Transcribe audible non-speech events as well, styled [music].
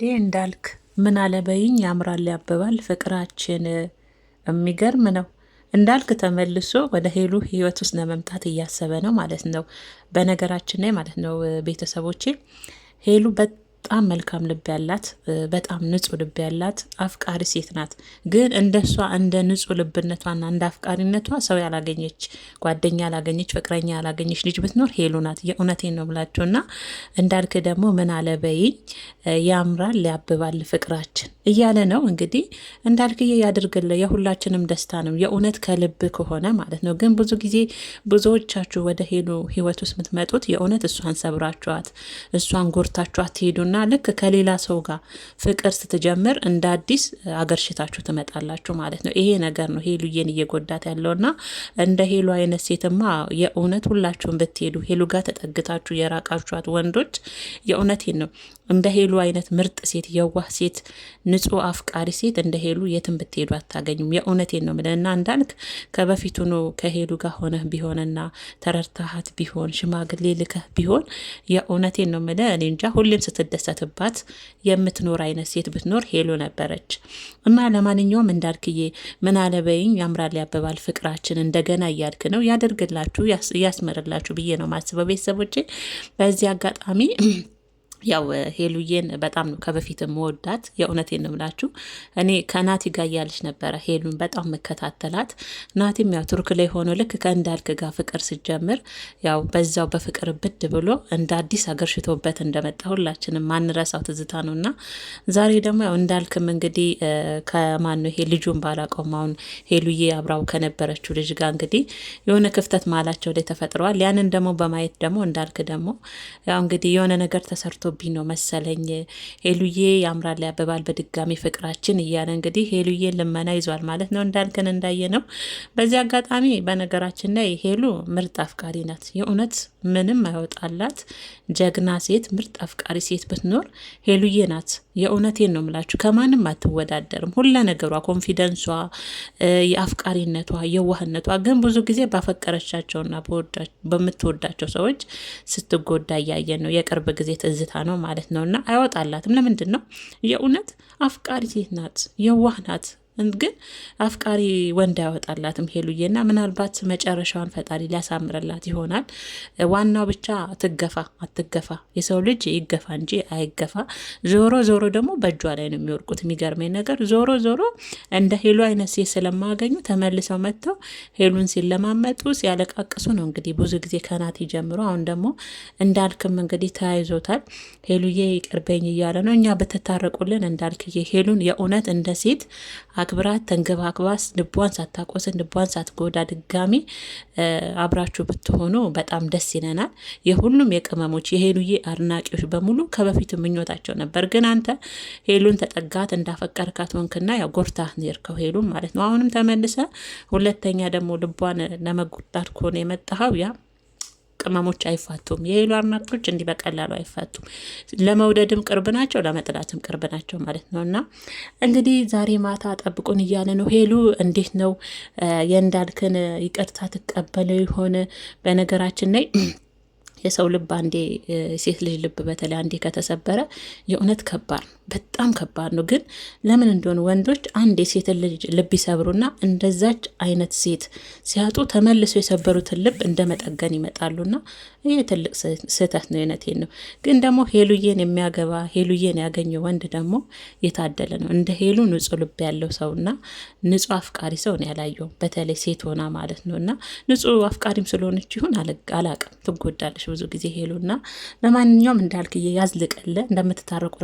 እንዲህ እንዳልክ ምን አለበይኝ ያምራል ያበባል ፍቅራችን የሚገርም ነው። እንዳልክ ተመልሶ ወደ ሄሉ ህይወት ውስጥ ለመምጣት እያሰበ ነው ማለት ነው። በነገራችን ላይ ማለት ነው ቤተሰቦቼ ሄሉ በጣም መልካም ልብ ያላት በጣም ንጹህ ልብ ያላት አፍቃሪ ሴት ናት። ግን እንደሷ እንደ ንጹህ ልብነቷና እንደ አፍቃሪነቷ ሰው ያላገኘች ጓደኛ ያላገኘች ፍቅረኛ ያላገኘች ልጅ ብትኖር ሄሉ ናት። የእውነቴን ነው ብላችሁና እንዳልክ ደግሞ ምን አለበይኝ ያምራል ሊያብባል ፍቅራችን እያለ ነው እንግዲህ እንዳልክዬ ያድርግል። የሁላችንም ደስታ ነው የእውነት ከልብ ከሆነ ማለት ነው። ግን ብዙ ጊዜ ብዙዎቻችሁ ወደ ሄሉ ህይወት ውስጥ የምትመጡት የእውነት እሷን ሰብራችኋት እሷን ጎርታችኋት ትሄዱና ልክ ከሌላ ሰው ጋር ፍቅር ስትጀምር እንደ አዲስ አገርሽታችሁ ትመጣላችሁ ማለት ነው። ይሄ ነገር ነው ሄሉዬን እየጎዳት ያለውና እንደ ሄሉ አይነት ሴትማ የእውነት ሁላችሁን ብትሄዱ ሄሉ ጋር ተጠግታችሁ የራቃችኋት ወንዶች የእውነቴን ነው እንደ ሄሉ አይነት ምርጥ ሴት፣ የዋህ ሴት፣ ንጹህ አፍቃሪ ሴት እንደ ሄሉ የትም ብትሄዱ አታገኙም። የእውነቴን ነው ምለና እንዳልክ ከበፊቱ ነው ከሄሉ ጋር ሆነህ ቢሆንና ተረድተሃት ቢሆን ሽማግሌ ልከህ ቢሆን የእውነቴን ነው ምለ እኔ እንጃ ሁሌም ስትደ የምደሰትባት የምትኖር አይነት ሴት ብትኖር ሄሎ ነበረች እና ለማንኛውም እንዳልክዬ ምን አለበይኝ ያምራል ያበባል ፍቅራችን እንደገና እያልክ ነው ያደርግላችሁ፣ ያስመርላችሁ ብዬ ነው ማስበው ቤተሰቦቼ በዚህ አጋጣሚ ያው ሄሉዬን በጣም ነው ከበፊት መወዳት። የእውነቴን ነው የምላችሁ። እኔ ከናቲ ጋር እያለች ነበረ ሄሉን በጣም መከታተላት። ናቲም ያው ቱርክ ላይ ሆኖ ልክ ከእንዳልክ ጋር ፍቅር ስጀምር ያው በዛው በፍቅር ብድ ብሎ እንደ አዲስ አገርሽቶበት እንደመጣ ሁላችንም ማንረሳው ትዝታ ነው እና ዛሬ ደግሞ ያው እንዳልክም እንግዲህ ከማን ነው ይሄ ልጁን ባላቀውም አሁን ሄሉዬ አብራው ከነበረችው ልጅ ጋር እንግዲህ የሆነ ክፍተት ማላቸው ላይ ተፈጥረዋል። ያንን ደግሞ በማየት ደግሞ እንዳልክ ደግሞ ያው እንግዲህ የሆነ ነገር ተሰርቶ ተሳስቶብኝ ነው መሰለኝ ሄሉዬ ያምራል ያበባል በድጋሚ ፍቅራችን እያለ እንግዲህ ሄሉዬ ልመና ይዟል ማለት ነው። እንዳልከን እንዳየ ነው። በዚህ አጋጣሚ በነገራችን ላይ ሄሉ ምርጥ አፍቃሪ ናት። የእውነት ምንም አይወጣላት ጀግና ሴት፣ ምርጥ አፍቃሪ ሴት ብትኖር ሄሉዬ ናት። የእውነቴን ነው ምላችሁ፣ ከማንም አትወዳደርም። ሁለ ነገሯ፣ ኮንፊደንሷ፣ የአፍቃሪነቷ፣ የዋህነቷ ግን ብዙ ጊዜ ባፈቀረቻቸውና በምትወዳቸው ሰዎች ስትጎዳ እያየን ነው። የቅርብ ጊዜ ትዝታ ነው ማለት ነው። እና አይወጣላትም። ለምንድን ነው የእውነት አፍቃሪ ሴት ናት፣ የዋህ ናት። ግን አፍቃሪ ወንድ አይወጣላትም ሄሉዬ እና ምናልባት መጨረሻዋን ፈጣሪ ሊያሳምርላት ይሆናል። ዋናው ብቻ ትገፋ አትገፋ፣ የሰው ልጅ ይገፋ እንጂ አይገፋ። ዞሮ ዞሮ ደግሞ በእጇ ላይ ነው የሚወርቁት። የሚገርመኝ ነገር ዞሮ ዞሮ እንደ ሄሉ አይነት ሴት ስለማገኙ ተመልሰው መጥተው ሄሉን ሲለማመጡ ሲያለቃቅሱ ነው እንግዲህ ብዙ ጊዜ ከናቲ ጀምሮ አሁን ደግሞ እንዳልክም እንግዲህ ተያይዞታል። ሄሉዬ ይቅርበኝ እያለ ነው። እኛ በተታረቁልን እንዳልክዬ ሄሉን የእውነት እንደ ሴት አክብራት ተንገባክባስ ልቧን ሳታቆስን ልቧን ሳትጎዳ ድጋሚ አብራችሁ ብትሆኑ በጣም ደስ ይለናል። የሁሉም የቅመሞች የሄሉዬ አድናቂዎች በሙሉ ከበፊቱ ምኞታቸው ነበር። ግን አንተ ሄሉን ተጠጋት እንዳፈቀርካት ሆንክና ያው ጎርታ ርከው ሄሉን ማለት ነው። አሁንም ተመልሰ ሁለተኛ ደግሞ ልቧን ለመጎዳት ከሆነ የመጣኸው ያ ቅመሞች አይፋቱም። የሄሉ አድናቂዎች እንዲህ በቀላሉ አይፋቱም። ለመውደድም ቅርብ ናቸው፣ ለመጥላትም ቅርብ ናቸው ማለት ነው። እና እንግዲህ ዛሬ ማታ ጠብቁን እያለ ነው። ሄሉ እንዴት ነው የእንዳልክን ይቅርታ ትቀበለው ይሆን? በነገራችን ላይ [clears throat] የሰው ልብ አንዴ ሴት ልጅ ልብ በተለይ አንዴ ከተሰበረ የእውነት ከባድ ነው፣ በጣም ከባድ ነው። ግን ለምን እንደሆነ ወንዶች አንድ የሴት ልጅ ልብ ይሰብሩና እንደዛች አይነት ሴት ሲያጡ ተመልሰው የሰበሩትን ልብ እንደ መጠገን ይመጣሉና ይህ ትልቅ ስህተት ነው። የእውነቴን ነው። ግን ደግሞ ሄሉዬን የሚያገባ ሄሉዬን ያገኘ ወንድ ደግሞ የታደለ ነው። እንደ ሄሉ ንጹሕ ልብ ያለው ሰውና ንጹህ አፍቃሪ ሰው ነው ያላየው፣ በተለይ ሴት ሆና ማለት ነው። እና ንጹሕ አፍቃሪም ስለሆነች ይሁን አላቅም ትጎዳለች ብዙ ጊዜ ሄሉና። ለማንኛውም እንዳልክ ያዝልቀለ እንደምትታረቁ